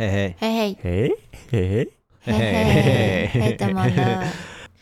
嘿嘿嘿嘿，嘿嘿嘿嘿嘿嘿，嘿嘿，怎麼了？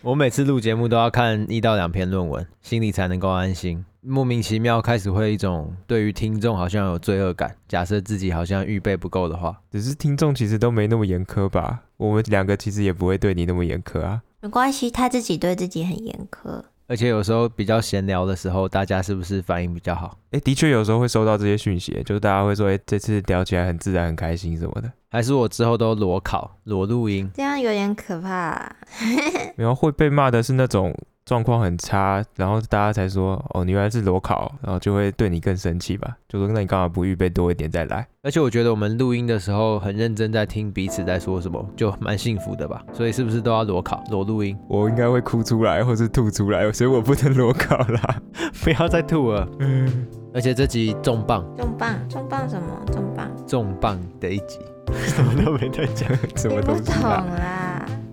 我每次錄節目都要看一到兩篇論文，心裡才能夠安心。莫名其妙開始會一種對於聽眾好像有罪惡感，假設自己好像預備不夠的話，只是聽眾其實都沒那麼嚴苛吧？我們兩個其實也不會對你那麼嚴苛啊。沒關係，他自己對自己很嚴苛。而且有時候比較閒聊的時候，大家是不是反應比較好？哎、欸，的確有時候會收到這些訊息，就是大家會說，哎、欸，這次聊起來很自然、很開心什麼的。還是我之後都裸考、裸錄音，這樣有點可怕啊。嘿嘿，然後會被罵的是那種。狀況很差，然後大家才說哦，你原來是裸考，然後就會對你更生氣吧？就說那你幹嘛不預備多一點再來？而且我覺得我們錄音的時候很認真，在聽彼此在說什麼，就蠻幸福的吧。所以是不是都要裸考、裸錄音？我應該會哭出來，或是吐出來，所以我不能裸考啦。 不要再吐了。嗯。而且這集重磅、重磅、重磅什麼？重磅？重磅的一集， 什麼都沒在講，什麼都、啊、不懂啦。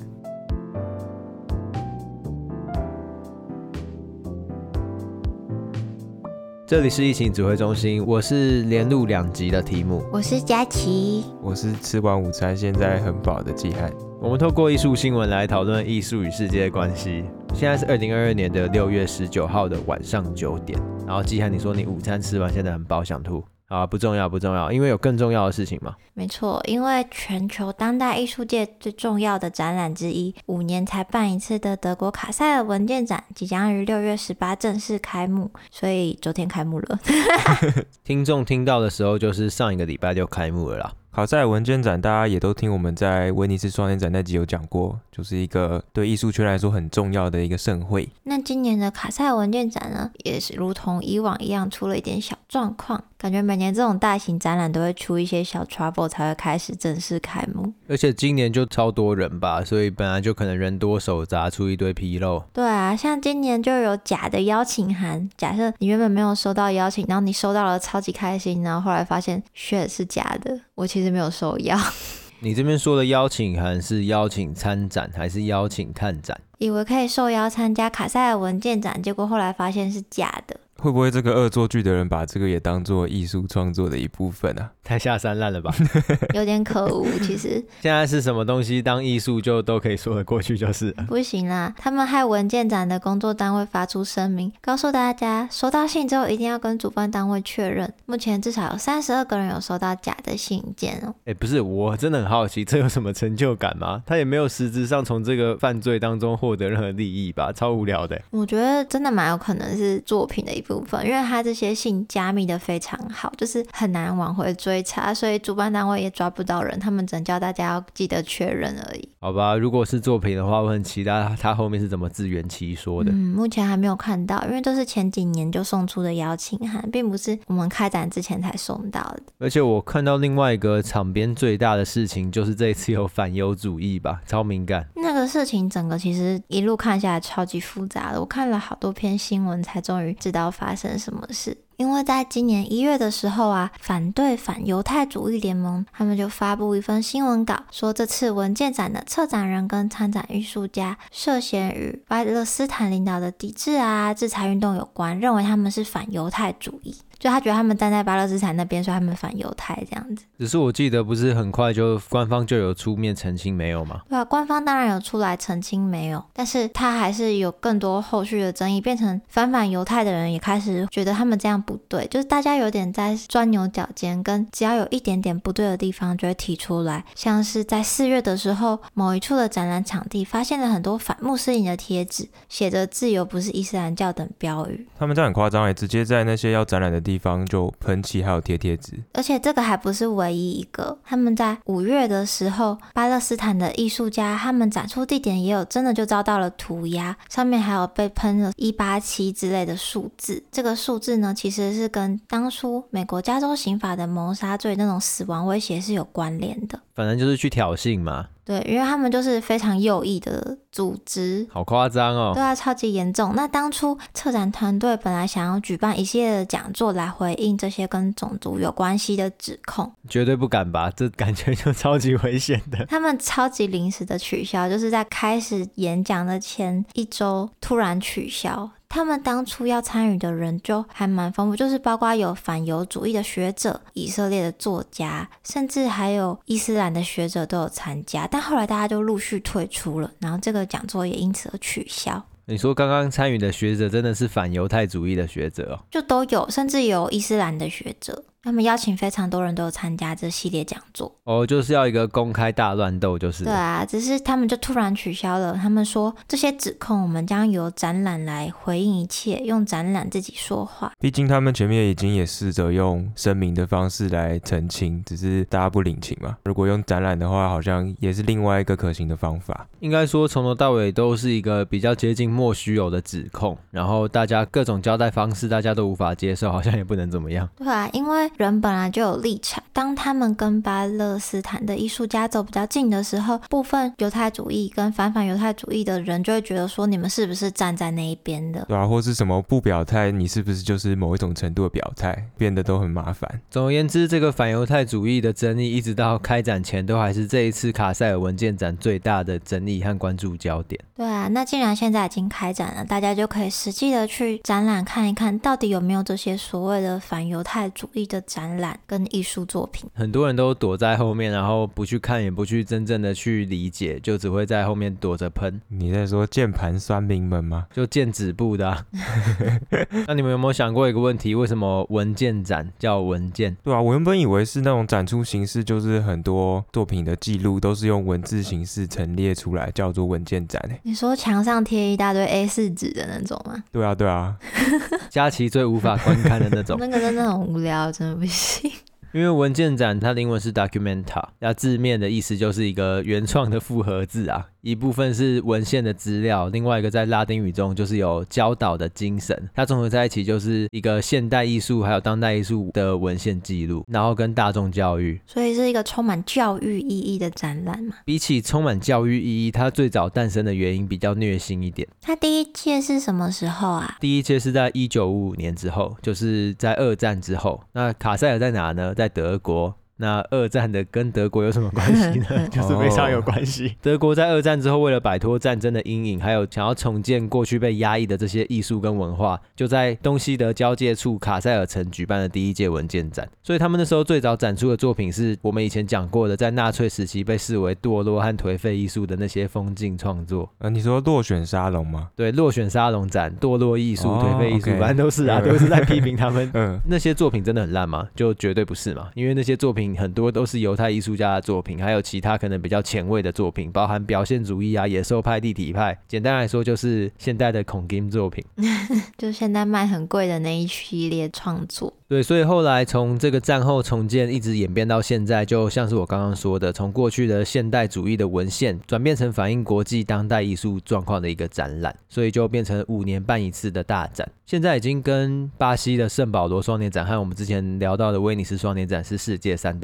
這裡是藝情指揮中心，我是連錄兩集的提姆。我是佳琪，我是吃完午餐現在很飽的季漢。我們透過藝術新聞來討論藝術與世界的關係。現在是二零二二年的六月十九號的晚上九點。然後季漢，你說你午餐吃完現在很飽，想吐。啊，不重要，不重要，因為有更重要的事情嘛。沒錯，因為全球當代藝術界最重要的展覽之一，五年才辦一次的德國卡塞爾文件展，即將於六月十八正式開幕，所以昨天開幕了。 聽眾聽到的時候，就是上一個禮拜就開幕了啦。卡塞爾文件展，大家也都聽我們在威尼斯雙年展那集有講過，就是一個對藝術圈來說很重要的一個盛會。那今年的卡塞爾文件展呢，也是如同以往一樣出了一點小狀況，感覺每年這種大型展覽都會出一些小 trouble 才會開始正式開幕。而且今年就超多人吧，所以本來就可能人多手雜出一堆紕漏。對啊，像今年就有假的邀請函，假設你原本沒有收到邀請，然後你收到了超級開心，然後後來發現 shit 是假的，我其實。是沒有受邀 你這邊說的邀請函是邀請參展，還是邀請看展？以為可以受邀參加卡塞爾文件展，結果後來發現是假的。會不會這個惡作劇的人把這個也當作藝術創作的一部分啊？太下三濫了吧！ 有點可惡，其實 現在是什麼東西當藝術就都可以說得過去就是了，不行啦，他們害文件展的工作單位發出聲明，告訴大家收到信之後一定要跟主辦單位確認。目前至少有三十二個人有收到假的信件哦、喔。哎，欸、不是，我真的很好奇，這有什麼成就感嗎？他也沒有實質上從這個犯罪當中獲得任何利益吧？超無聊的、欸。我覺得真的蠻有可能是作品的一。部分，因為他這些信加密的非常好，就是很難往回追查，所以主辦單位也抓不到人，他們只能叫大家要記得確認而已。好吧，如果是作品的話，我很期待他後面是怎麼自圓其說的。嗯，目前還沒有看到，因為都是前幾年就送出的邀請函，並不是我們開展之前才送到的。而且我看到另外一個場邊最大的事情，就是這一次有反猶主義吧，超敏感。那個事情整個其實一路看下來超級複雜的，我看了好多篇新聞才終於知道。發生什麼事？因為在今年一月的時候啊，反對反猶太主義聯盟他們就發布一份新聞稿，說這次文件展的策展人跟參展藝術家涉嫌與巴勒斯坦領導的抵制啊、制裁運動有關，認為他們是反猶太主義。就他覺得他們站在巴勒斯坦那邊，說他們反猶太這樣子。只是我記得不是很快就官方就有出面澄清沒有嗎？對啊，官方當然有出來澄清沒有，但是他還是有更多後續的爭議，變成反反猶太的人也開始覺得他們這樣不對，就是大家有點在鑽牛角尖，跟只要有一點點不對的地方就會提出來，像是在四月的時候，某一處的展覽場地發現了很多反穆斯林的貼紙，寫着“自由不是伊斯蘭教”等標語。他們這很誇張哎，直接在那些要展覽的地方。地方就噴漆，還有貼貼紙，而且這個還不是唯一一個。他們在五月的時候，巴勒斯坦的藝術家，他們展出地點也有真的就遭到了塗鴉，上面還有被噴了“一八七”之類的數字。這個數字呢，其實是跟當初美國加州刑法的謀殺罪那種死亡威脅是有關聯的。反正就是去挑釁嘛。對，因為他們就是非常右翼的組織，好誇張哦，對啊，超級嚴重。那當初策展團隊本來想要舉辦一系列的講座來回應這些跟種族有關係的指控，絕對不敢吧？這感覺就超級危險的。 他們超級臨時的取消，就是在開始演講的前一周突然取消。他們當初要參與的人就還蠻豐富，就是包括有反猶主義的學者、以色列的作家，甚至還有伊斯蘭的學者都有參加。但後來大家就陸續退出了，然後這個講座也因此而取消。你說剛剛參與的學者真的是反猶太主義的學者哦？就都有，甚至有伊斯蘭的學者。他們邀請非常多人都有參加這系列講座哦，就是要一個公開大亂鬥，就是對啊，只是他們就突然取消了。他們說這些指控，我們將由展覽來回應一切，用展覽自己說話。畢竟他們前面已經也試着用聲明的方式來澄清，只是大家不領情嘛。如果用展覽的話，好像也是另外一個可行的方法。應該說從頭到尾都是一個比較接近莫須有的指控，然後大家各種交代方式，大家都無法接受，好像也不能怎麼樣。對啊，因為。人本來就有立場，當他們跟巴勒斯坦的藝術家走比較近的時候，部分猶太主義跟反反猶太主義的人就會覺得說，你們是不是站在那一邊的？對啊，或是什麼不表態，你是不是就是某一種程度的表態，變得都很麻煩。總而言之，這個反猶太主義的爭議，一直到開展前都還是這一次卡塞爾文件展最大的爭議和關注焦點。對啊，那既然現在已經開展了，大家就可以實際的去展覽看一看到底有沒有這些所謂的反猶太主義的。展覽跟藝術作品，很多人都躲在後面，然後不去看，也不去真正的去理解，就只會在後面躲着噴。你在說鍵盤酸民們嗎？就見紙布的、啊。 那你們有沒有想過一個問題？為什麼文件展叫文件？對啊，我原本以為是那種展出形式，就是很多作品的記錄都是用文字形式陳列出來，叫做文件展、欸。你說牆上貼一大堆 A4 紙的那種嗎？對啊，對啊，對啊。佳琪最無法觀看的那種。 那個真的很無聊，真的。不信，因為文件展它的英文是 documenta，它字面的意思就是一個原創的複合字啊。一部分是文獻的資料，另外一個在拉丁語中就是有教導的精神，它綜合在一起就是一個現代藝術還有當代藝術的文獻記錄，然後跟大眾教育，所以是一個充滿教育意義的展覽嘛。比起充滿教育意義，它最早誕生的原因比較虐心一點。它第一屆是什麼時候啊？第一屆是在一九五五年之後，就是在二戰之後。那卡塞爾在哪呢？在德國。那二戰的跟德國有什麼關係呢？ 就是非常有關係。哦、德國在二戰之後，為了擺脫戰爭的陰影，還有想要重建過去被壓抑的這些藝術跟文化，就在東西德交界處卡塞爾城舉辦了第一屆文件展。所以他們那時候最早展出的作品，是我們以前講過的，在納粹時期被視為墮落和頹廢藝術的那些封禁創作。呃、嗯，你說落選沙龍嗎？對，落選沙龍展，墮落藝術、頹、哦、廢藝術，反正都是啊，都是在批評他們。 嗯，那些作品真的很爛嗎？就絕對不是嘛，因為那些作品。很多都是猶太藝術家的作品，還有其他可能比較前衛的作品，包含表現主義啊、野獸派、立體派。簡單來說，就是現代的“恐金”作品， 就現在賣很貴的那一系列創作。對，所以後來從這個戰後重建一直演變到現在，就像是我剛剛說的，從過去的現代主義的文獻轉變成反映國際當代藝術狀況的一個展覽，所以就變成五年辦一次的大展。現在已經跟巴西的聖保羅雙年展和我們之前聊到的威尼斯雙年展是世界三。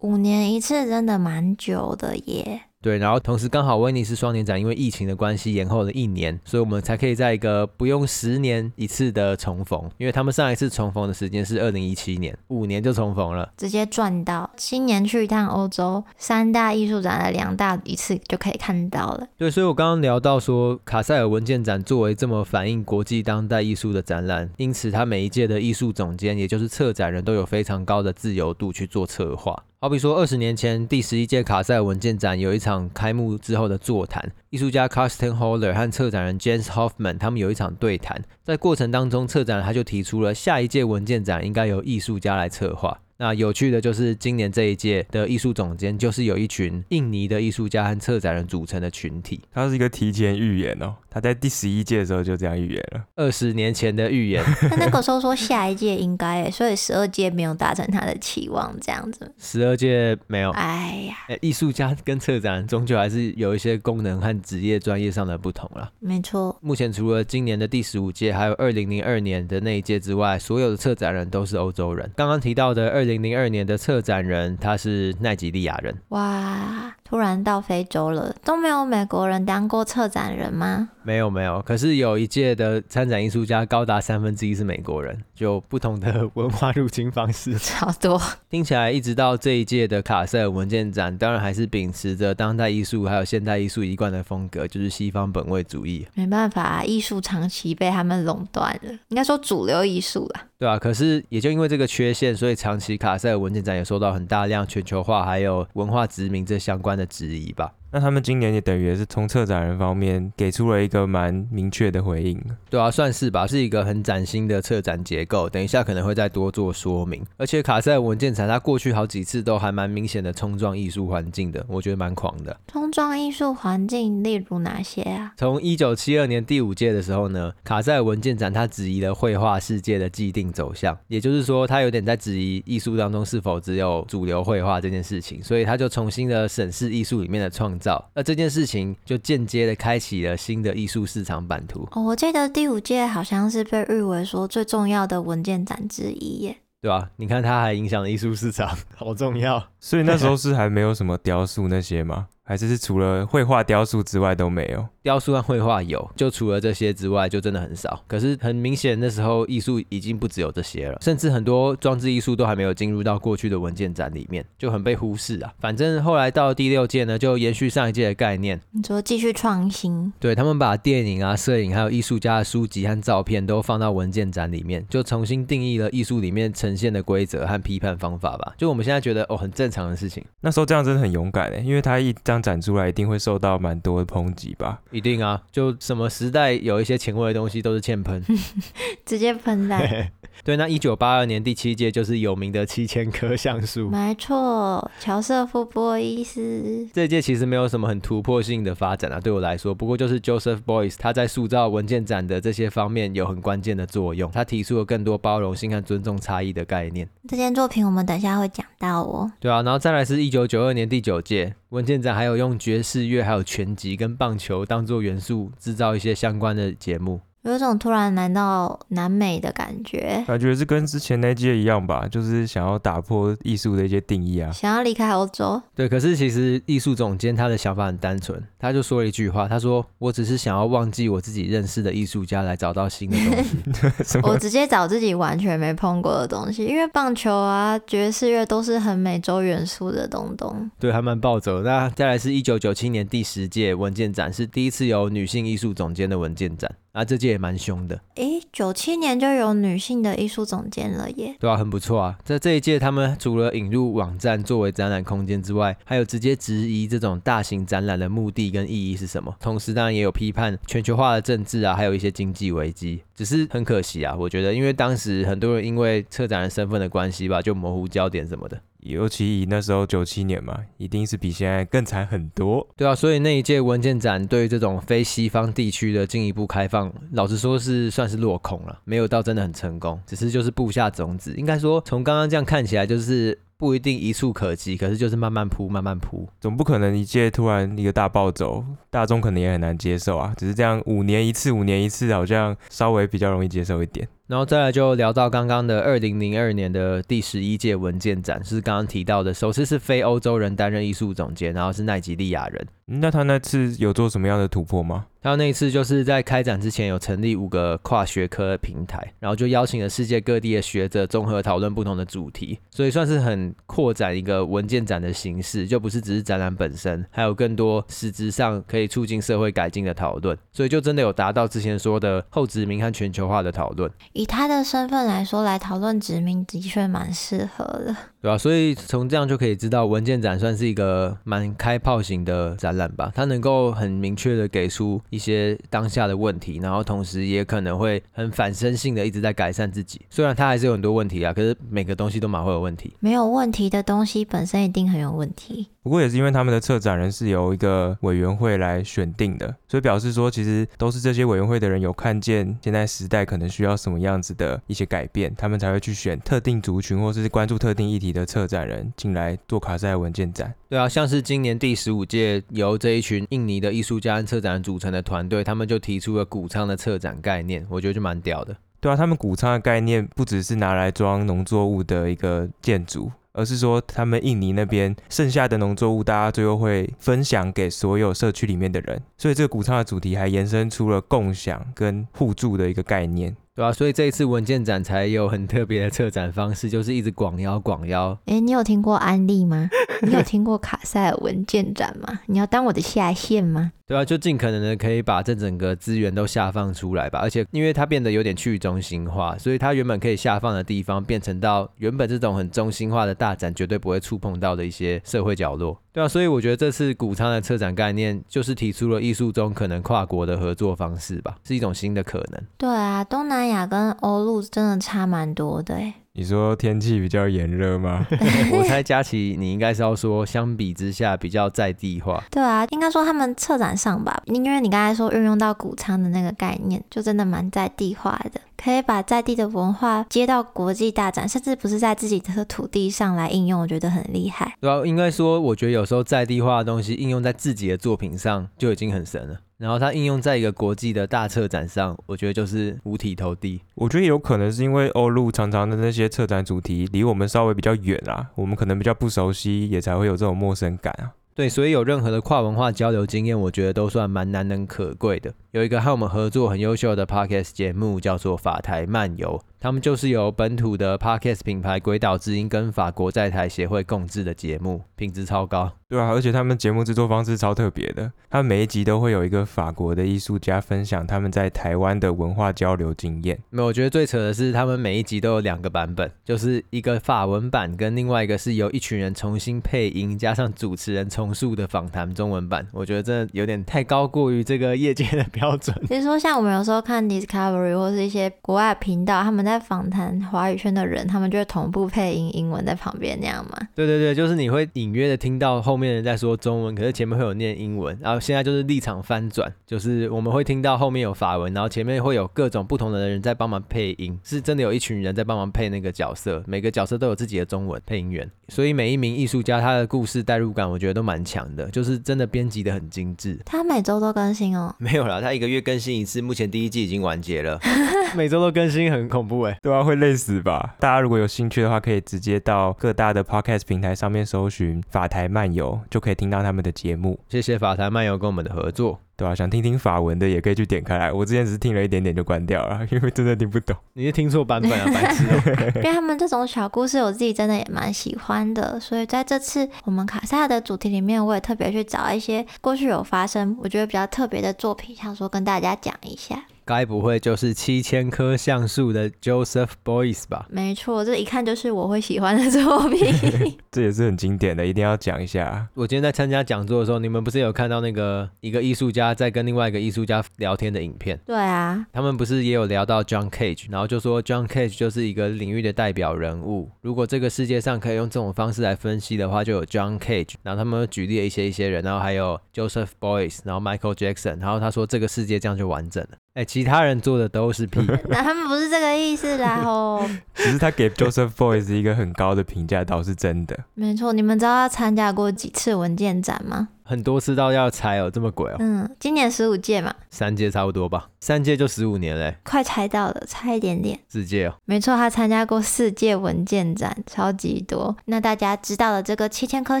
五年一次，真的蠻久的耶。對，然後同時剛好威尼斯雙年展因為疫情的關係延後了一年，所以我們才可以在一個不用十年一次的重逢，因為他們上一次重逢的時間是二零一七年，五年就重逢了，直接賺到。今年去一趟歐洲，三大藝術展的兩大一次就可以看到了。對，所以我剛剛聊到說，卡塞爾文件展作為這麼反映國際當代藝術的展覽，因此它每一屆的藝術總監，也就是策展人都有非常高的自由度去做策劃。好比說，二十年前第十一屆卡塞爾文件展有一場開幕之後的座談，藝術家 Carsten Höller 和策展人 Jens Hoffmann 他們有一場對談，在過程當中，策展人他就提出了下一屆文件展應該由藝術家來策劃。那有趣的就是今年這一屆的藝術總監，就是有一群印尼的藝術家和策展人組成的群體。他是一個提前預言哦，他在第十一屆的時候就這樣預言了。二十年前的預言，他 那個時候說下一屆應該，所以十二屆沒有達成他的期望，這樣子。十二屆沒有，哎呀，欸，藝術家跟策展人終究還是有一些功能和職業專業上的不同了。沒錯，目前除了今年的第十五屆，還有二零零二年的那一屆之外，所有的策展人都是歐洲人。剛剛提到的二。二零零二年的策展人，他是奈及利亞人。哇，突然到非洲了，都沒有美國人當過策展人嗎？沒有沒有，可是有一屆的參展藝術家高達三分之一是美國人，就不同的文化入侵方式，差不多。聽起來一直到這一屆的卡塞爾文件展，當然還是秉持着當代藝術還有現代藝術一貫的風格，就是西方本位主義。沒辦法啊，藝術長期被他們壟斷了，應該說主流藝術了。對啊，可是也就因為這個缺陷，所以長期。卡塞爾文件展也受到很大量全球化還有文化殖民這相關的質疑吧。那他們今年也等於也是從策展人方面給出了一個蠻明確的回應，對啊，算是吧，是一個很嶄新的策展結構。等一下可能會再多做說明。而且卡塞爾文件展它過去好幾次都還蠻明顯的衝撞藝術環境的，我覺得蠻狂的。衝撞藝術環境，例如哪些啊？從一九七二年第五屆的時候呢，卡塞爾文件展它質疑了繪畫世界的既定走向，也就是說它有點在質疑藝術當中是否只有主流繪畫這件事情，所以它就重新的審視藝術裡面的創。那這件事情就間接的開啟了新的藝術市場版圖。哦，我記得第五屆好像是被譽為說最重要的文件展之一耶。對吧？你看它還影響了藝術市場，好重要。所以那時候是還沒有什麼雕塑那些嗎？ 還是是除了繪畫、雕塑之外都沒有。雕塑和繪畫有，就除了這些之外，就真的很少。可是很明顯，那時候藝術已經不只有這些了，甚至很多裝置藝術都還沒有進入到過去的文件展裡面，就很被忽視啊。反正後來到了第六屆呢，就延續上一屆的概念，你說繼續創新？對，他們把電影啊、攝影還有藝術家的書籍和照片都放到文件展裡面，就重新定義了藝術裡面呈現的規則和批判方法吧。就我們現在覺得哦，很正常的事情。那時候這樣真的很勇敢嘞，因為他一張。展出來一定會受到蠻多的抨擊吧？一定啊！就什麼時代有一些前衛的東西都是欠噴， 直接噴的。 對，那一九八二年第七屆就是有名的七千棵橡樹，沒錯，喬瑟夫·波伊斯。這屆其實沒有什麼很突破性的發展啊，對我來說，不過就是 Joseph Beuys 他在塑造文件展的這些方面有很關鍵的作用，他提出了更多包容性和尊重差異的概念。這件作品我們等一下會講到哦。對啊，然後再來是一九九二年第九屆文件展，還有用爵士樂、還有拳擊跟棒球當做元素，製造一些相關的節目。有一種突然來到南美的感覺，感覺是跟之前那屆一,一樣吧，就是想要打破藝術的一些定義啊，想要離開歐洲。對，可是其實藝術總監他的想法很單純，他就說了一句話，他說：“我只是想要忘記我自己認識的藝術家，來找到新的東西。 麼”我直接找自己完全沒碰過的東西，因為棒球啊、爵士樂都是很美洲元素的東東。對，還蠻暴走。那再來是1997年第十屆文件展，是第一次有女性藝術總監的文件展。啊，這屆也蠻兇的。誒，九七年就有女性的藝術總監了耶。對啊，很不錯啊。在這一屆，他們除了引入網站作為展覽空間之外，還有直接質疑這種大型展覽的目的跟意義是什麼？同時，當然也有批判全球化的政治啊，還有一些經濟危機。只是很可惜啊，我覺得因為當時很多人因為策展人身份的關係吧，就模糊焦點什麼的。尤其以那時候九七年嘛，一定是比現在更慘很多。對啊，所以那一屆文件展對於這種非西方地區的進一步開放，老實說是算是落空了，沒有到真的很成功，只是就是布下種子。應該說，從剛剛這樣看起來，就是不一定一蹴可及，可是就是慢慢鋪，慢慢鋪，總不可能一屆突然一個大暴走，大眾可能也很難接受啊。只是這樣五年一次，五年一次，好像稍微比較容易接受一點。然後再來就聊到剛剛的二零零二年的第十一屆文件展，就是剛剛提到的，首次是非歐洲人擔任藝術總監，然後是奈及利亞人。那他那次有做什麼樣的突破嗎？他那一次就是在開展之前有成立五個跨學科的平台，然後就邀請了世界各地的學者綜合討論不同的主題，所以算是很擴展一個文件展的形式，就不是只是展覽本身，還有更多實質上可以促進社會改進的討論。所以就真的有達到之前說的後殖民和全球化的討論。以他的身份來說，來討論殖民的確蠻適合的。對吧？所以從這樣就可以知道，文件展算是一個蠻開炮型的展覽吧。它能夠很明確的給出一些當下的問題，然後同時也可能會很反身性的一直在改善自己。雖然它還是有很多問題啊，可是每個東西都蠻會有問題。沒有問題的東西本身一定很有問題。不過也是因為他們的策展人是由一個委員會來選定的，所以表示說其實都是這些委員會的人有看見現在時代可能需要什麼樣子的一些改變，他們才會去選特定族群或是關注特定議題。的策展人進來做卡塞文件展，對啊，像是今年第十五屆由這一群印尼的藝術家和策展人組成的團隊，他們就提出了穀倉的策展概念，我覺得就蠻屌的。對啊，他們穀倉的概念不只是拿來裝農作物的一個建築，而是說他們印尼那邊剩下的農作物，大家最後會分享給所有社區裡面的人，所以這個穀倉的主題還延伸出了共享跟互助的一個概念。對啊，所以這一次文件展才有很特別的策展方式，就是一直廣邀廣邀。誒、欸、你有聽過安利嗎？ 你有聽過卡塞爾文件展嗎？你要當我的下線嗎？對啊，就盡可能的可以把這整個資源都下放出來吧。而且，因為它變得有點去中心化，所以它原本可以下放的地方，變成到原本這種很中心化的大展絕對不會觸碰到的一些社會角落。對啊，所以我覺得這次穀倉的策展概念，就是提出了藝術中可能跨國的合作方式吧，是一種新的可能。對啊，東南亞跟歐陸真的差蠻多的誒。你說天氣比較炎熱嗎？ 我猜佳琪，你應該是要說相比之下比較在地化。 對啊，應該說他們策展上吧，因為你剛才說運用到穀倉的那個概念，就真的蠻在地化的，可以把在地的文化接到國際大展，甚至不是在自己的土地上來應用，我覺得很厲害。對啊，應該說，我覺得有時候在地化的東西應用在自己的作品上，就已經很神了。然後它應用在一個國際的大策展上，我覺得就是五體投地。我覺得有可能是因為歐陸常常的那些策展主題離我們稍微比較遠啊，我們可能比較不熟悉，也才會有這種陌生感啊。對，所以有任何的跨文化交流經驗，我覺得都算蠻難能可貴的。有一個和我們合作很優秀的 podcast 節目，叫做《法台漫遊》。他們就是由本土的 Podcast 品牌鬼島之音跟法國在台協會共制的節目，品質超高。對啊，而且他們節目製作方式超特別的，他們每一集都會有一個法國的藝術家分享他們在台灣的文化交流經驗。沒有，我覺得最扯的是他們每一集都有兩個版本，就是一個法文版，跟另外一個是由一群人重新配音加上主持人重塑的訪談中文版。我覺得這有點太高過於這個業界的標準。比如說像我們有時候看 Discovery 或是一些國外的頻道，他們在在訪談華語圈的人，他們就會同步配音英文在旁邊那樣嗎？對對對，就是你會隱約的聽到後面人在說中文，可是前面會有念英文。然後現在就是立場翻轉，就是我們會聽到後面有法文，然後前面會有各種不同的人在幫忙配音，是真的有一群人在幫忙配那個角色，每個角色都有自己的中文配音員。所以每一名藝術家他的故事代入感，我覺得都蠻強的，就是真的編輯得很精緻。他每周都更新哦？沒有啦，他一個月更新一次，目前第一季已經完結了。 每周都更新很恐怖誒，對啊，會累死吧？大家如果有興趣的話，可以直接到各大的 podcast 平台上面搜尋“法台漫遊”，就可以聽到他們的節目。謝謝法台漫遊跟我們的合作。對啊，想聽聽法文的也可以去點開來。我之前只是聽了一點點就關掉了，因為真的聽不懂。你是聽錯版本啊， 白痴癡！ 因為他們這種小故事，我自己真的也蠻喜歡的。所以在這次我們卡塞爾的主題裡面，我也特別去找一些過去有發生、我覺得比較特別的作品，想說跟大家講一下。該不會就是七千棵橡樹的 Joseph Beuys 吧？沒錯，這一看就是我會喜歡的作品。 這也是很經典的，一定要講一下。我今天在參加講座的時候，你們不是有看到那個一個藝術家在跟另外一個藝術家聊天的影片？對啊，他們不是也有聊到 John Cage，然後就說 John Cage 就是一個領域的代表人物。如果這個世界上可以用這種方式來分析的話，就有 John Cage，然後他們舉例了一些一些人，然後還有 Joseph Beuys，然後 Michael Jackson，然後他說這個世界這樣就完整了。哎、欸，其他人做的都是屁， 那他們不是這個意思，然後哦。 只是他給 Joseph Beuys 一個很高的評價，倒是真的。 沒錯，你們知道他參加過幾次文件展嗎？很多次，都要猜哦、喔，這麼鬼哦、喔。嗯，今年十五屆嘛。三屆差不多吧，三屆就十五年嘞、欸。快猜到了，差一點點。四屆哦、喔。沒錯，他參加過四屆文件展，超級多。那大家知道的這個七千棵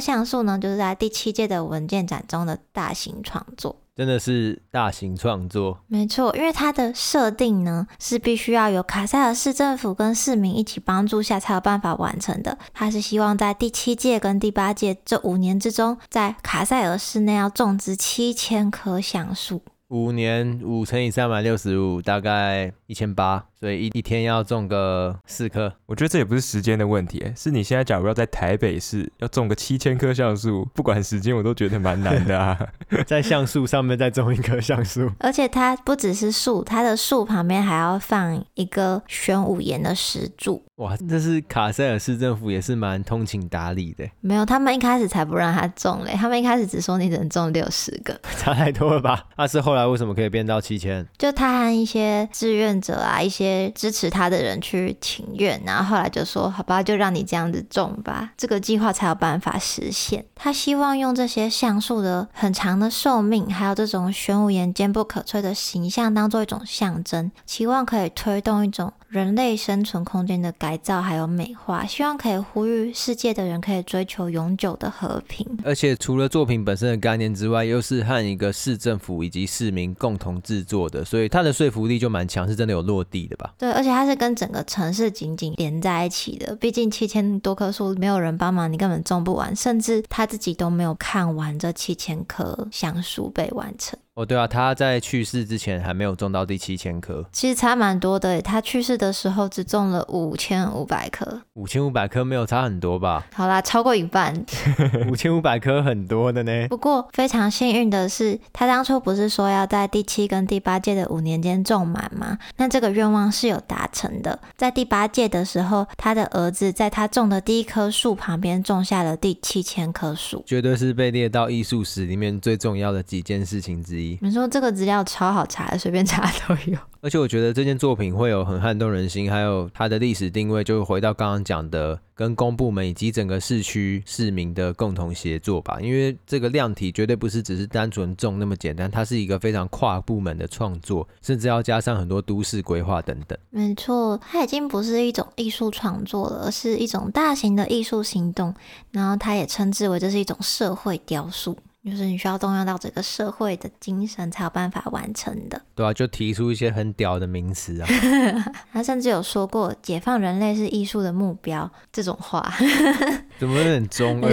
橡樹呢，就是在第七屆的文件展中的大型創作。真的是大型創作，沒錯，因為它的設定呢，是必須要有卡塞爾市政府跟市民一起幫助下才有辦法完成的。他是希望在第七屆跟第八屆這五年之中，在卡塞爾市內要種植七千棵橡樹。五年，五乘以三百六十五，大概。一千八，1800，所以一一天要種個四棵。我覺得這也不是時間的問題，是你現在假如要在台北市要種個七千棵橡樹，不管時間我都覺得蠻難的啊。 在橡樹上面再種一棵橡樹，而且它不只是樹，它的樹旁邊還要放一個玄武岩的石柱。哇，這是卡塞爾市政府也是蠻通情達理的。沒有，他們一開始才不讓他種嘞，他們一開始只說你只能種六十個，差太多了吧？那、啊、是後來為什麼可以變到七千？就他和一些志願者者啊，一些支持他的人去請願，然後後來就說好吧，就讓你這樣子種吧，這個計劃才有辦法實現。他希望用這些橡樹的很長的壽命，還有這種玄武岩堅不可摧的形象，當做一種象徵，期望可以推動一種人類生存空間的改造還有美化，希望可以呼籲世界的人可以追求永久的和平。而且除了作品本身的概念之外，又是和一個市政府以及市民共同制作的，所以他的說服力就蠻強，是真的。有落地的吧？對，而且它是跟整個城市緊緊連在一起的。畢竟七千多棵樹，沒有人幫忙，你根本種不完。甚至他自己都沒有看完這七千棵橡樹被完成。哦，oh, 對啊，他在去世之前還沒有種到第七千棵，其實差蠻多的。他去世的時候只種了五千五百棵，五千五百棵沒有差很多吧？好啦，超過一半。五千五百棵很多的呢。不過非常幸運的是，他當初不是說要在第七跟第八屆的五年間種滿嗎？那這個願望是有達成的。在第八屆的時候，他的兒子在他種的第一棵樹旁邊種下了第七千棵樹，絕對是被列到藝術史裡面最重要的幾件事情之一。沒錯，這個資料超好查，隨便查都有。而且我覺得這件作品會有很撼動人心，還有它的歷史定位，就回到剛剛講的，跟公部門以及整個市區市民的共同協作吧。因為這個量體絕對不是只是單純種那麼簡單，它是一個非常跨部門的創作，甚至要加上很多都市規劃等等。沒錯，它已經不是一種藝術創作了，而是一種大型的藝術行動。然後它也稱之為這是一種社會雕塑。就是你需要動用到整個社會的精神，才有辦法完成的。對啊，就提出一些很屌的名詞啊。 他甚至有說過“解放人類是藝術的目標”這種話， 怎麼會很中二？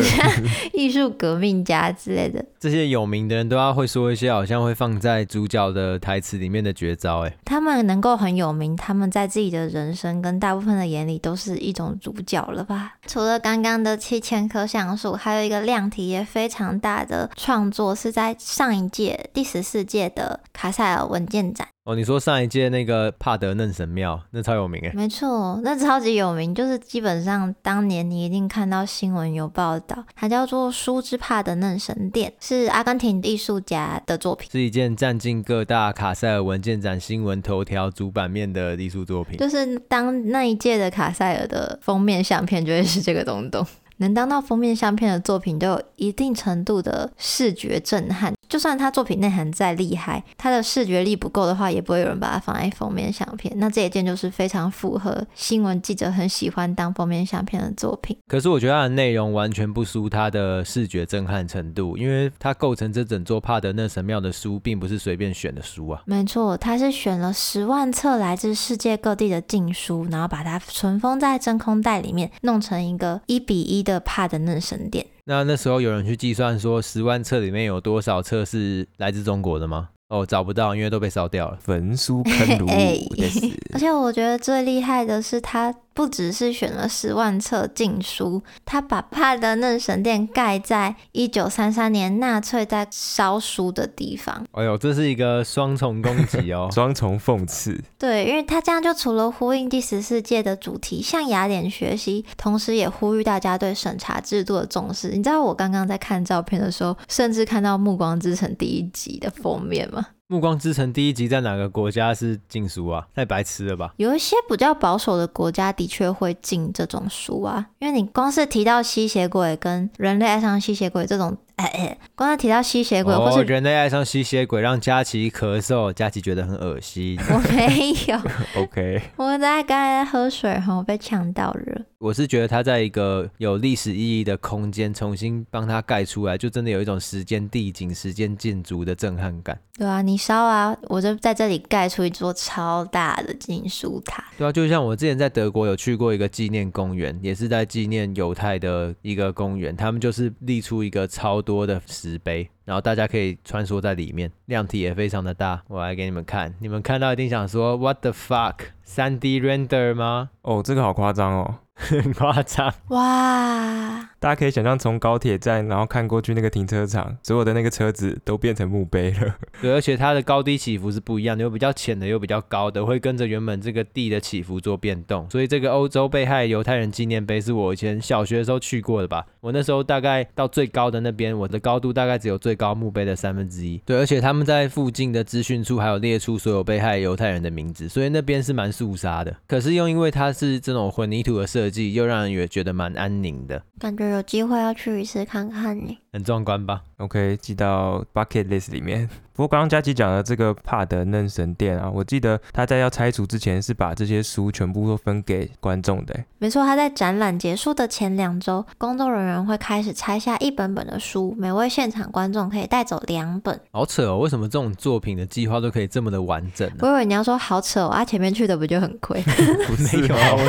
藝術革命家之類的。這些有名的人都要會說一些好像會放在主角的台詞裡面的絕招哎。他們能夠很有名，他們在自己的人生跟大部分的眼裡都是一種主角了吧？除了剛剛的七千棵橡樹，還有一個量體也非常大的創作是在上一屆第十四屆的卡塞爾文件展。哦，你說上一屆那個帕德嫩神廟，那超有名誒，沒錯，那超級有名，就是基本上當年你一定看到新聞有報道，它叫做書之帕德嫩神殿，是阿根廷藝、藝術家的作品，是一件占盡各大卡塞爾文件展新聞頭條、主版面的藝術作品，就是當那一屆的卡塞爾的封面相片就會是這個東東。能當到封面相片的作品都有一定程度的視覺震撼，就算他作品內涵再厲害，他的視覺力不夠的話，也不會有人把它放在封面相片。那這一件就是非常符合新聞記者很喜歡當封面相片的作品。可是我覺得它的內容完全不輸它的視覺震撼程度，因為它構成這整座帕德嫩神廟的書，並不是隨便選的書啊。沒錯，它是選了十萬冊來自世界各地的禁書，然後把它存封在真空袋裡面，弄成一個一比一。的帕德嫩神殿，那那時候有人去計算說，十萬冊裡面有多少冊是來自中國的嗎？哦，找不到，因為都被燒掉了，焚書坑儒。欸。欸、す而且我覺得最厲害的是他。不只是選了十萬冊禁書，他把帕德嫩神殿蓋在一九三三年納粹在燒書的地方。哎呦，這是一個雙重攻擊哦，雙 重諷刺。對，因為他這樣就除了呼應第十四屆的主題，向雅典學習，同時也呼籲大家對審查制度的重視。你知道我剛剛在看照片的時候，甚至看到《暮光之城》第一集的封面嗎？《暮光之城》第一集在哪個國家是禁書啊？太白痴了吧！有一些比較保守的國家的確會禁這種書啊，因為你光是提到吸血鬼跟人類愛上吸血鬼這種。哎，剛才提到吸血鬼，哦、或者是人類愛上吸血鬼，讓佳琪咳嗽，佳琪覺得很噁心。我沒有。 OK，我在剛才喝水，我被嗆到了。我是覺得他在一個有歷史意義的空間，重新幫他蓋出來，就真的有一種時間、地景，時間建築的震撼感。對啊，你燒啊，我就在這裡蓋出一座超大的金屬塔。對啊，就像我之前在德國有去過一個紀念公園，也是在紀念猶太的一個公園，他們就是立出一個超。多的石碑，然後大家可以穿梭在裡面，量體也非常的大。我來給你們看，你們看到，一定想說 “What the fuck”？3D render 嗎？哦，這個好誇張哦， 很誇張。哇！大家可以想象，從高鐵站，然後看過去那個停車場，所有的那個車子都變成墓碑了。對，而且它的高低起伏是不一樣的，有比較淺的，有比較高的，會跟着原本這個地的起伏做變動。所以這個歐洲被害猶太人紀念碑是我以前小學的時候去過的吧？我那時候大概到最高的那邊，我的高度大概只有最。高墓碑的三分之一，對，而且他們在附近的資訊處還有列出所有被害猶太人的名字，所以那邊是蠻肅殺的。可是又因為它是這種混凝土的設計，又讓人也覺得蠻安寧的感覺。有機會要去一次看看你，很壯觀吧？OK，記到 bucket list 裡面。 不過剛剛佳琪講的這個帕德嫩神殿啊，我記得他在要拆除之前是把這些書全部都分給觀眾的、欸。沒錯，他在展覽結束的前兩周，工作人員會開始拆下一本本的書，每位現場觀眾可以帶走兩本。好扯哦，為什麼這種作品的計劃都可以這麼的完整、啊？不，我以為你要說好扯哦，他、啊、前面去的不就很虧？ 不是啊，我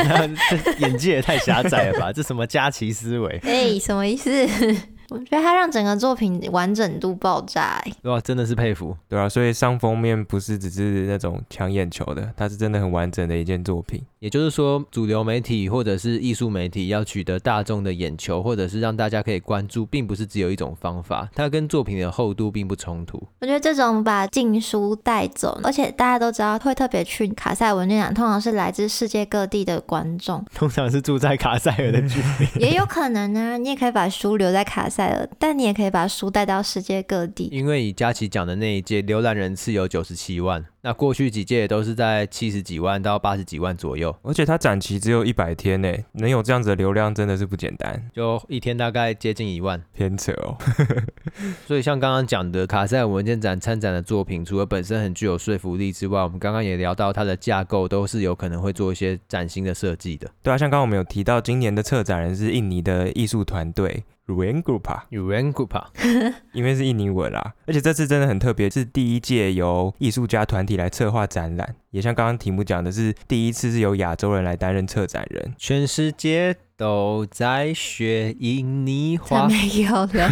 這眼界也太狹窄了吧？ 對 這什麼佳琪思維？哎、 欸，什麼意思？ 我覺得它讓整個作品完整度爆炸、欸，對、啊、真的是佩服，對啊，所以上封面不是只是那種搶眼球的，它是真的很完整的一件作品。也就是說，主流媒體或者是藝術媒體要取得大眾的眼球，或者是讓大家可以關注，並不是只有一種方法，它跟作品的厚度並不衝突。我覺得這種把禁書帶走，而且大家都知道會特別去卡塞爾文獻展，通常是來自世界各地的觀眾，通常是住在卡塞爾的居民、嗯、 也有可能呢、啊，你也可以把書留在卡。但你也可以把書帶到世界各地，因為以佳琪講的那一屆瀏覽人次有九十七萬，那過去幾屆也都是在七十幾萬到八十幾萬左右，而且它展期只有一百天耶，能有這樣子的流量真的是不簡單，就一天大概接近一萬，偏扯哦。 所以像剛剛講的卡塞爾文件展參展的作品，除了本身很具有說服力之外，我們剛剛也聊到它的架構都是有可能會做一些嶄新的設計的。對啊，像剛剛我們有提到今年的策展人是印尼的藝術團隊。Ruangrupa，Ruangrupa，因為是印尼文啦， 而且這次真的很特別，是第一屆由藝術家團體來策劃展覽，也像剛剛題目講的是，是第一次是由亞洲人來擔任策展人，全世界。都在學印尼話，沒有了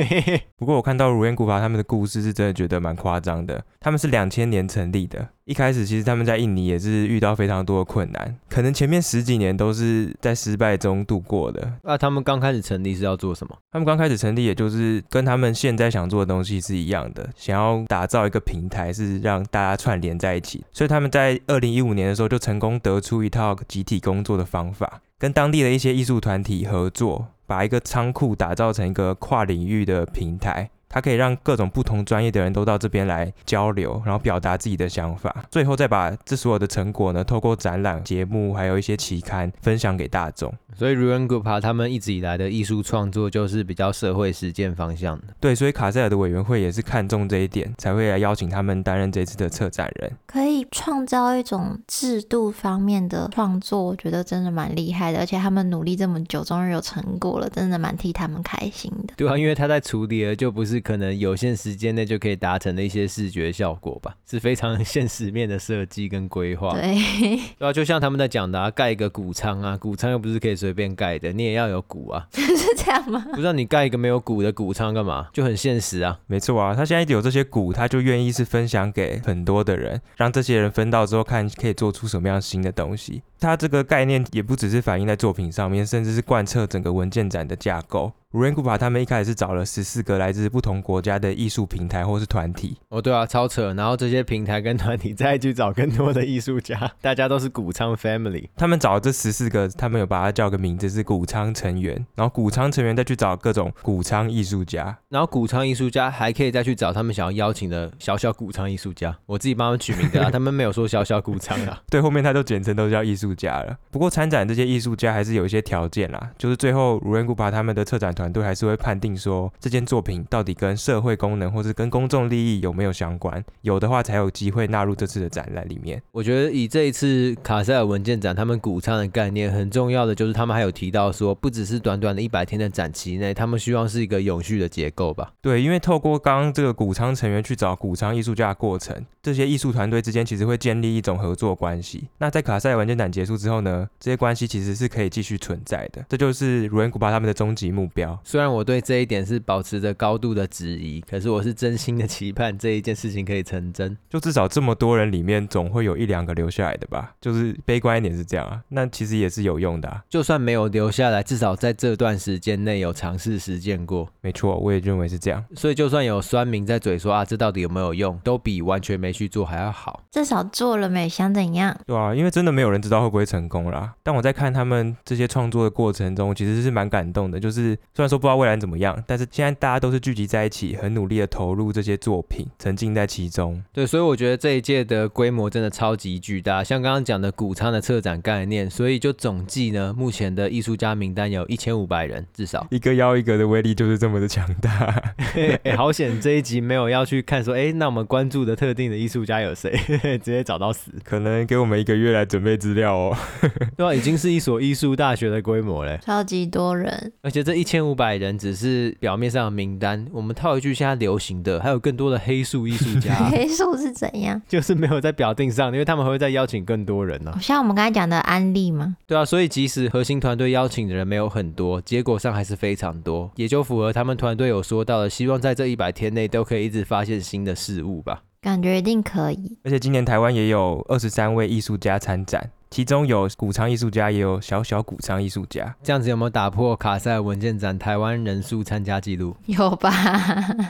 不過我看到 Ruangrupa 他們的故事是真的覺得蠻誇張的。他們是兩千年成立的，一開始其實他們在印尼也是遇到非常多的困難，可能前面十幾年都是在失敗中度過的。啊，那他們剛開始成立是要做什麼？他們剛開始成立也就是跟他們現在想做的東西是一樣的，想要打造一個平台，是讓大家串聯在一起。所以他們在二零一五年的時候就成功得出一套集體工作的方法。跟當地的一些藝術團體合作，把一個倉庫打造成一個跨領域的平台。他可以讓各種不同專業的人都到這邊來交流，然後表達自己的想法，最後再把這所有的成果呢，透過展覽、節目，還有一些期刊分享給大眾。所以，Ruangrupa 他們一直以來的藝術創作就是比較社會實踐方向的。對，所以卡塞爾的委員會也是看重這一點，才會來邀請他們擔任這一次的策展人。可以創造一種制度方面的創作，我覺得真的蠻厲害的。而且他們努力這麼久，終於有成果了，真的蠻替他們開心的。對啊，因為他在處理，而就不是。可能有限時間內就可以達成的一些視覺效果吧，是非常現實面的設計跟規劃。對，對啊，就像他們在講的，的、啊，蓋一個穀倉啊，穀倉又不是可以隨便蓋的，你也要有穀啊， 是這樣嗎？不知道你蓋一個沒有穀的穀倉幹嘛，就很現實啊。沒錯啊，他現在有這些穀，他就願意是分享給很多的人，讓這些人分到之後看可以做出什麼樣新的東西。他這個概念也不只是反映在作品上面，甚至是貫徹整個文件展的架構。Ruangrupa 他們一開始是找了十四個來自不同國家的藝術平台或是團體。哦，oh, 對啊，超扯。然後這些平台跟團體再去找更多的藝術家， 大家都是穀倉 Family。他們找了這十四個，他們有把它叫個名字，是穀倉成員。然後穀倉成員再去找各種穀倉藝術家，然後穀倉藝術家還可以再去找他們想要邀請的小小穀倉藝術家。我自己幫他們取名的啊， 他們沒有說小小穀倉啊。對，後面他都簡稱都叫藝術家了。不過參展這些藝術家還是有一些條件啦、啊，就是最後 Ruangrupa 他們的策展團。團隊還是會判定說，這件作品到底跟社會功能或是跟公眾利益有沒有相關，有的話才有機會納入這次的展覽裡面。我覺得以這一次卡塞爾文件展，他們穀倉的概念很重要的就是他們還有提到說，不只是短短的一百天的展期內，他們希望是一個永續的結構吧。對，因為透過剛剛這個穀倉成員去找穀倉藝術家的過程，這些藝術團隊之間其實會建立一種合作關係。那在卡塞爾文件展結束之後呢，這些關係其實是可以繼續存在的，這就是 Ruangrupa 他們的終極目標。雖然我對這一點是保持着高度的質疑，可是我是真心的期盼這一件事情可以成真。就至少這麼多人裡面，總會有一兩個留下來的吧。就是悲觀一點是這樣啊，那其實也是有用的啊。就算沒有留下來，至少在這段時間內有嘗試實踐過。沒錯，我也認為是這樣。所以就算有酸民在嘴說啊，這到底有沒有用，都比完全沒去做還要好。至少做了沒，想怎樣？對啊，因為真的沒有人知道會不會成功啦。但我在看他們這些創作的過程中，其實是蠻感動的，就是。雖然說不知道未來怎麼樣，但是現在大家都是聚集在一起，很努力的投入這些作品，沉浸在其中。對，所以我覺得這一屆的規模真的超級巨大，像剛剛講的穀倉的策展概念，所以就總計呢，目前的藝術家名單有一千五百人，至少一個邀一個的威力就是這麼的強大。 欸欸、好險這一集沒有要去看說，哎、欸，那我們關注的特定的藝術家有誰？ 直接找到死。可能給我們一個月來準備資料哦。 對吧、啊？已經是一所藝術大學的規模嘞，超級多人，而且這一千五。五百人只是表面上的名單，我們套一句現在流行的，還有更多的黑素藝術家、啊。 黑素是怎樣？就是沒有在表定上，因為他們會再邀請更多人呢、啊。像我們剛才講的安利嗎？對啊，所以即使核心團隊邀請的人沒有很多，結果上還是非常多，也就符合他們團隊有說到的，希望在這一百天內都可以一直發現新的事物吧。感覺一定可以。而且今年台灣也有二十三位藝術家參展。其中有穀倉藝術家，也有小小穀倉藝術家，這樣子有沒有打破卡塞文件展台灣人數參加記錄？有吧，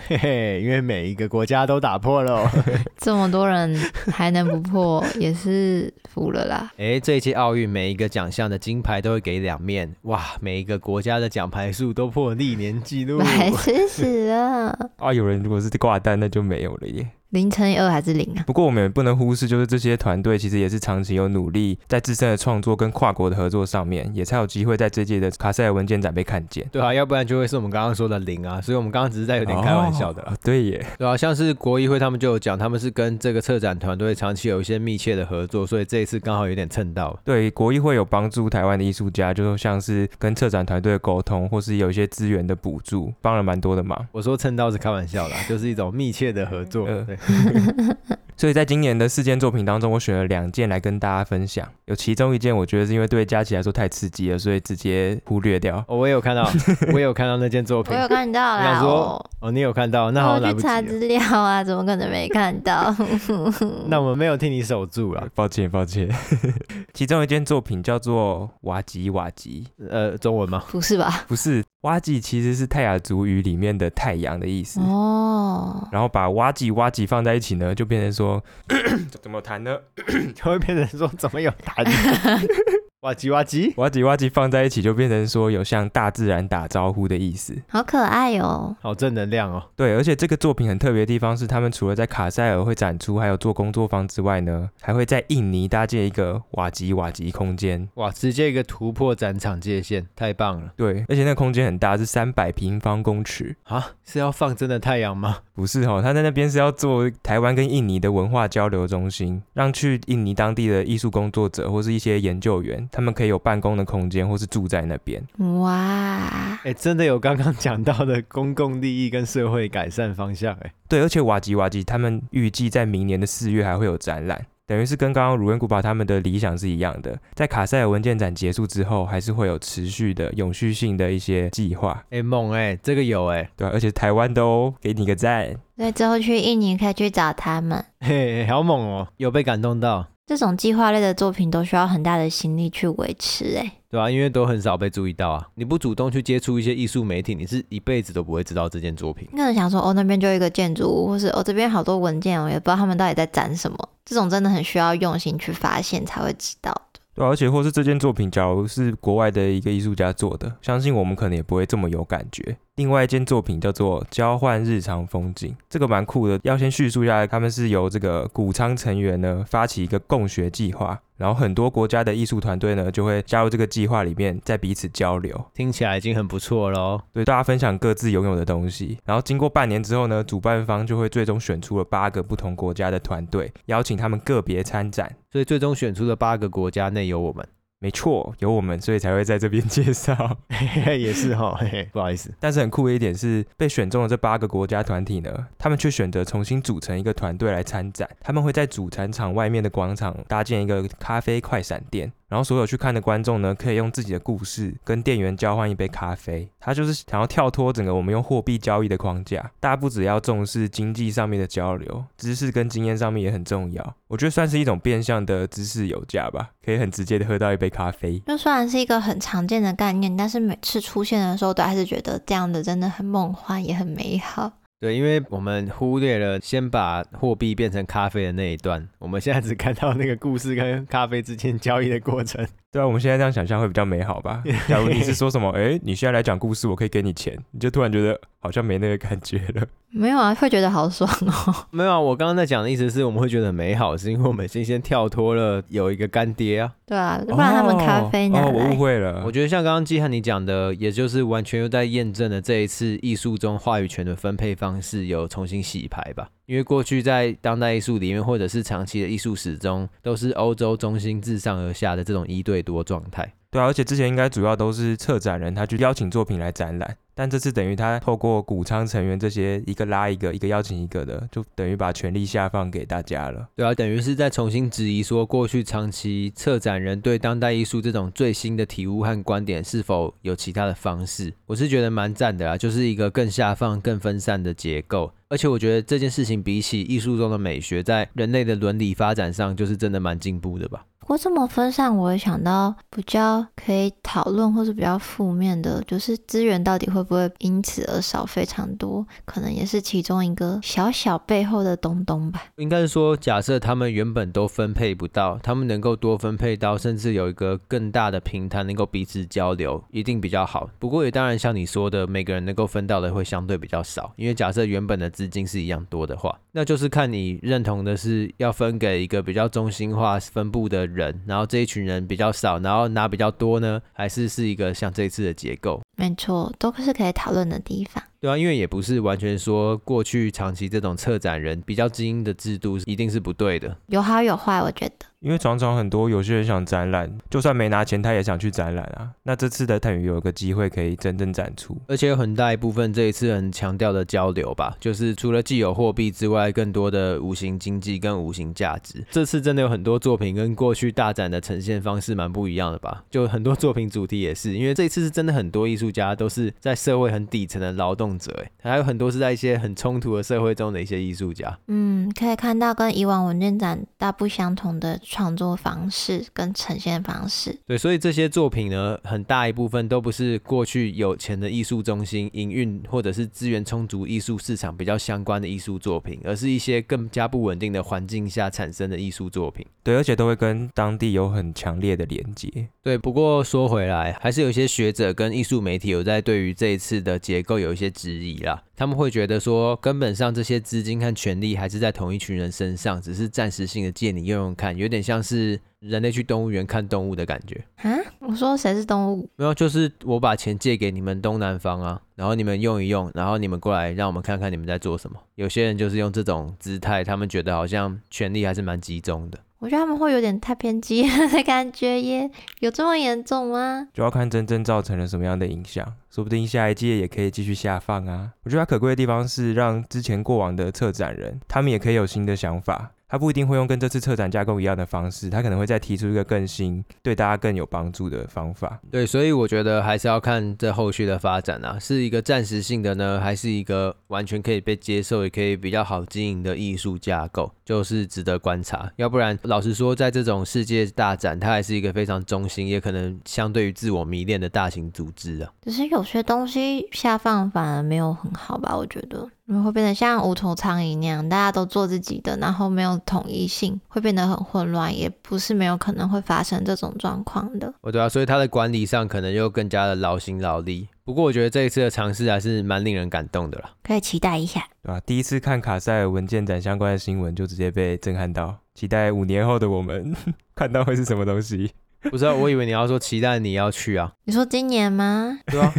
嘿嘿，因為每一個國家都打破了， 這麼多人還能不破， 也是服了啦。哎、欸，這期奧運每一個獎項的金牌都會給兩面，哇，每一個國家的獎牌數都破歷年記錄，白痴死啊！啊，有人如果是掛單，那就沒有了耶。零乘以二還是零啊？不過我們也不能忽視，就是這些團隊其實也是長期有努力在自身的創作跟跨國的合作上面，也才有機會在這屆的卡塞爾文件展被看見。對啊，要不然就會是我們剛剛說的零啊。所以我們剛剛只是在有點開玩笑的。Oh, 對耶。對啊，像是國藝會他們就有講，他們是跟這個策展團隊長期有一些密切的合作，所以這一次剛好有點蹭到。對，國藝會有幫助台灣的藝術家，就說像是跟策展團隊的溝通，或是有一些資源的補助，幫了蠻多的忙。我說蹭到是開玩笑啦，就是一種密切的合作。 對。 所以，在今年的四件作品當中，我選了兩件來跟大家分享。有其中一件，我覺得是因為對佳琪來說太刺激了，所以直接忽略掉。哦、我也有看到， 我也有看到那件作品，我有看到啦哦我。哦，你有看到？那好我有去查資料啊，怎麼可能沒看到？ 那我們沒有替你守住了、啊， 抱歉，抱歉。 其中一件作品叫做《瓦集瓦籍》，呃，中文嗎？不是吧？不是。挖機其實是泰雅族語裡面的太陽的意思哦，然後把瓦集瓦籍放在一起呢，就變成說 怎麼有彈呢 ？就會變成說怎麼有彈？ 瓦集瓦籍，瓦集瓦籍放在一起就變成說有向大自然打招呼的意思，好可愛哦，好正能量哦。對，而且這個作品很特別的地方是，他們除了在卡塞爾會展出，還有做工作坊之外呢，還會在印尼搭建一個瓦集瓦籍空間。哇，直接一個突破展場界限，太棒了。對，而且那個空間很大，是三百平方公尺。啊，是要放真的太陽嗎？不是哈、哦，他在那邊是要做台灣跟印尼的文化交流中心，讓去印尼當地的藝術工作者或是一些研究員，他們可以有辦公的空間或是住在那邊。哇，哎、欸，真的有剛剛講到的公共利益跟社會改善方向，哎，對，而且瓦集瓦籍他們預計在明年的四月還會有展覽。等於是跟剛剛 Ruangrupa 他們的理想是一樣的，在卡塞爾文件展結束之後，還是會有持續的永續性的一些計劃。哎、欸、猛哎、欸，這個有哎、欸，對，而且台灣的、哦、給你個讚。對，之後去印尼可以去找他們，嘿嘿，好猛哦，有被感動到。這種計劃類的作品都需要很大的心力去維持，欸，哎，對啊，因為都很少被注意到啊。你不主動去接觸一些藝術媒體，你是一輩子都不會知道這件作品。那人想說，哦，那邊就有一個建築物，或是哦，這邊好多文件哦，我也不知道他們到底在展什麼。這種真的很需要用心去發現才會知道的。對啊，而且或是這件作品，假如是國外的一個藝術家做的，相信我們可能也不會這麼有感覺。另外一件作品叫做《交換日常風景》，這個蠻酷的。要先敘述下來，他們是由這個谷倉成員呢發起一個共學計劃，然後很多國家的藝術團隊呢就會加入這個計劃裡面，在彼此交流。聽起來已經很不錯嘍。對，大家分享各自擁有的東西。然後經過半年之後呢，主辦方就會最終選出了八個不同國家的團隊，邀請他們個別參展。所以最終選出的八個國家內有我們。沒錯，有我們，所以才會在這邊介紹。 也是哈、哦，不好意思。但是很酷的一點是，被選中的這八個國家團體呢，他們卻選擇重新組成一個團隊來參展。他們會在主展場外面的廣場搭建一個咖啡快閃店。然後所有去看的觀眾呢，可以用自己的故事跟店員交換一杯咖啡。他就是想要跳脫整個我們用貨幣交易的框架，大家不只要重視經濟上面的交流，知識跟經驗上面也很重要。我覺得算是一種變相的知識有價吧，可以很直接的喝到一杯咖啡。就雖然是一個很常見的概念，但是每次出現的時候，都還是覺得這樣的真的很夢幻，也很美好。對，因為我們忽略了先把貨幣變成咖啡的那一段，我們現在只看到那個故事跟咖啡之間交易的過程。對啊，我們現在這樣想象會比較美好吧？假如你是說什麼，哎， 你現在來講故事，我可以給你錢，你就突然覺得好像沒那個感覺了。沒有啊，會覺得好爽哦。 沒有啊，我剛剛在講的意思是我們會覺得很美好，是因為我們先先跳脫了有一個干爹啊。對啊，不然他們咖啡，你、哦哦、我誤會了。我覺得像剛剛季漢你講的，也就是完全又在驗證了這一次藝術中話語權的分配方式有重新洗牌吧。因為過去在當代藝術裡面，或者是長期的藝術史中，都是歐洲中心自上而下的這種一對多狀態。對啊，而且之前應該主要都是策展人他去邀請作品來展覽，但這次等於他透過穀倉成員這些一個拉一個，一個邀請一個的，就等於把權力下放給大家了。對啊，等於是在重新質疑說過去長期策展人對當代藝術這種最新的體悟和觀點是否有其他的方式？我是覺得蠻讚的啊，就是一個更下放、更分散的結構。而且我覺得這件事情比起藝術中的美學，在人類的倫理發展上，就是真的蠻進步的吧。不過這麼分散，我也想到比較可以討論或是比較負面的，就是資源到底會不會因此而少非常多，可能也是其中一個小小背後的東東吧。應該是說，假設他們原本都分配不到，他們能夠多分配到，甚至有一個更大的平台能夠彼此交流，一定比較好。不過也當然像你說的，每個人能夠分到的會相對比較少，因為假設原本的資源資金是一樣多的話，那就是看你認同的是要分給一個比較中心化分布的人，然後這一群人比較少，然後拿比較多呢，還是是一個像這次的結構？沒錯，都是可以討論的地方。對啊，因為也不是完全說過去長期這種策展人比較精英的制度一定是不對的，有好有壞，我覺得。因為常常很多有些人想展覽，就算沒拿錢，他也想去展覽啊。那這次的騰雲有個機會可以真正展出，而且有很大一部分這一次很強調的交流吧，就是除了既有貨幣之外，更多的無形經濟跟無形價值。這次真的有很多作品跟過去大展的呈現方式蠻不一樣的吧？就很多作品主題也是，因為這一次是真的很多藝術家都是在社會很底層的勞動者，哎，還有很多是在一些很衝突的社會中的一些藝術家。嗯，可以看到跟以往文件展大不相同的。創作方式跟呈現方式，對，所以這些作品呢，很大一部分都不是過去有錢的藝術中心營運或者是資源充足、藝術市場比較相關的藝術作品，而是一些更加不穩定的環境下產生的藝術作品。對，而且都會跟當地有很強烈的連接。對，不過說回來，還是有一些學者跟藝術媒體有在對於這一次的結構有一些質疑啦，他們會覺得說，根本上這些資金和權力還是在同一群人身上，只是暫時性的借你用用看，有點。像是人類去動物園看動物的感覺啊！我說誰是動物？沒有，就是我把錢借給你們東南方啊，然後你們用一用，然後你們過來讓我們看看你們在做什麼。有些人就是用這種姿態，他們覺得好像權力還是蠻集中的。我覺得他們會有點太偏激的感覺耶，有這麼嚴重嗎？主要看真正造成了什麼樣的影響，說不定下一屆也可以繼續下放啊。我覺得他可貴的地方是讓之前過往的策展人，他們也可以有新的想法。他不一定會用跟這次策展架構一樣的方式，他可能會再提出一個更新、對大家更有幫助的方法。對，所以我覺得還是要看這後續的發展啊，是一個暫時性的呢，還是一個完全可以被接受、也可以比較好經營的藝術架構，就是值得觀察。要不然，老實說，在這種世界大展，它還是一個非常中心，也可能相對於自我迷戀的大型組織啊。只是有些東西下放反而沒有很好吧，我覺得。會變得像無頭蒼蠅那樣，大家都做自己的，然後沒有統一性，會變得很混亂。也不是沒有可能會發生這種狀況的。對啊，所以他的管理上可能又更加的勞心勞力。不過我覺得這一次的嘗試還是蠻令人感動的啦，可以期待一下。對啊，第一次看卡塞爾文件展相關的新聞，就直接被震撼到。期待五年後的我們看到會是什麼東西。 不知道，啊，我以為你要說期待你要去啊。你說今年嗎？對啊。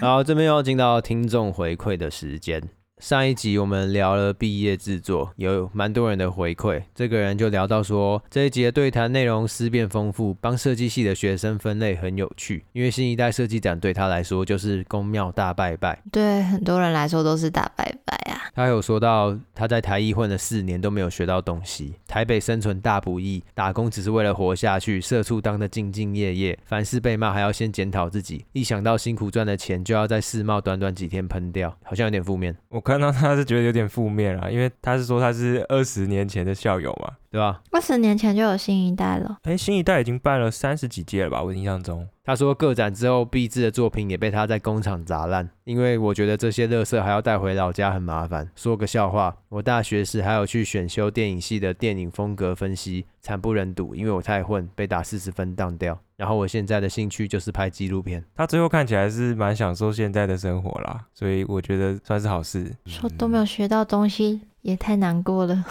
好， 這邊又要進到聽眾回饋的時間。上一集我們聊了畢業制作，有蠻多人的回饋。這個人就聊到說，這一集的對談內容思辨豐富，幫設計系的學生分類很有趣。因為新一代設計展對他來說就是宮廟大拜拜，對很多人來說都是大拜拜啊。他有說到他在台藝混了四年都沒有學到東西，台北生存大不易，打工只是為了活下去，社畜當得兢兢業業，凡事被罵還要先檢討自己，一想到辛苦賺的錢就要在世貿短短幾天噴掉，好像有點負面。我看到他是覺得有點負面啊，因為他是說他是二十年前的校友嘛。對吧？二十年前就有新一代了。誒，新一代已經辦了三十幾屆了吧？我印象中，他說個展之後，畢製的作品也被他在工廠砸爛，因為我覺得這些垃圾還要帶回老家很麻煩。說個笑話，我大學時還有去選修電影系的電影風格分析，慘不忍睹，因為我太混，被打四十分當掉。然後我現在的興趣就是拍紀錄片。他最後看起來是蠻享受現在的生活啦，所以我覺得算是好事。嗯，說都沒有學到東西。也太難過了，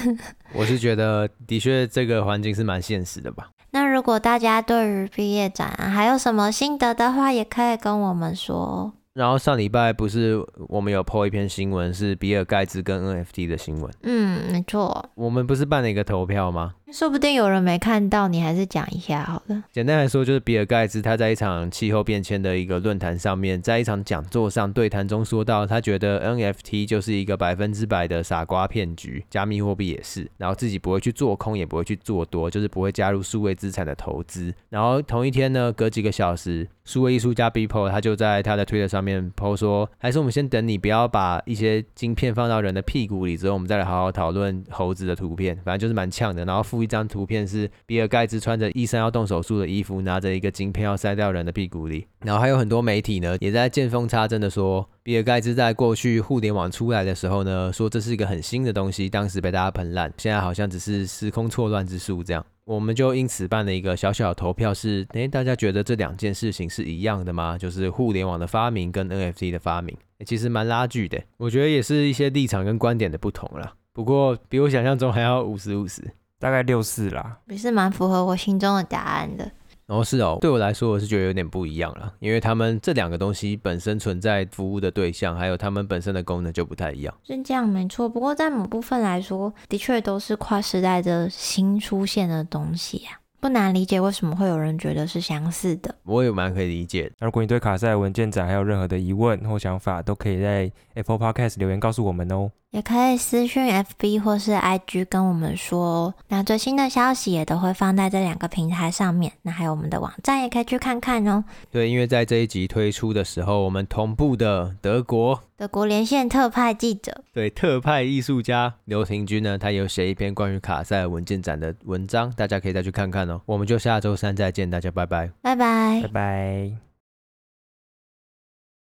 我是覺得的確這個環境是蠻現實的吧。 那如果大家對於畢業展還有什麼心得的話，也可以跟我們說。然後上禮拜不是我們有 po 一篇新聞，是比爾蓋茨跟 NFT 的新聞。嗯，沒錯。我們不是辦了一個投票嗎？說不定有人沒看到，你還是講一下好了。簡單來說，就是比爾蓋茨他在一場氣候變遷的一個論壇上面，在一場講座上對談中說到，他覺得 NFT 就是一個百分之百的傻瓜騙局，加密貨幣也是。然後自己不會去做空，也不會去做多，就是不會加入數位資產的投資。然後同一天呢，隔幾個小時，數位藝術家 Beeple 他就在他的 Twitter 上面 PO 說，還是我們先等你，不要把一些晶片放到人的屁股裡，之後我們再來好好討論猴子的圖片。反正就是蠻嗆的。然後副。一張圖片是比爾蓋茨穿着醫生要動手術的衣服，拿着一個晶片要塞到人的屁股裡。然後還有很多媒體呢，也在見縫插針的說，比爾蓋茨在過去互聯網出來的時候呢，說這是一個很新的東西，當時被大家噴爛，現在好像只是時空錯亂之術這樣。我們就因此辦了一個小小的投票是，是誒，大家覺得這兩件事情是一樣的嗎？就是互聯網的發明跟 NFT 的發明，其實蠻拉鋸的。我覺得也是一些立場跟觀點的不同啦。不過比我想象中還要五十五十。大概六四啦，也是蠻符合我心中的答案的。然後、哦、是哦，對我來說，我是覺得有點不一樣了，因為他們這兩個東西本身存在服務的對象，還有他們本身的功能就不太一樣。是這樣，沒錯。不過在某部分來說，的確都是跨時代的新出現的東西呀、啊。不難理解為什麼會有人覺得是相似的，我也蠻可以理解。如果你對卡塞爾文件展還有任何的疑問或想法，都可以在 Apple Podcast 留言告訴我們哦，也可以私訊 FB 或是 IG 跟我們說哦。那最新的消息也都會放在這兩個平台上面，那還有我們的網站也可以去看看哦。對，因為在這一集推出的時候，我們同步的德國德國連線特派記者，對特派藝術家劉庭均呢,他有寫一篇關於卡塞爾文件展的文章，大家可以再去看看哦。我們就下周三再見，大家拜拜，拜拜，拜拜。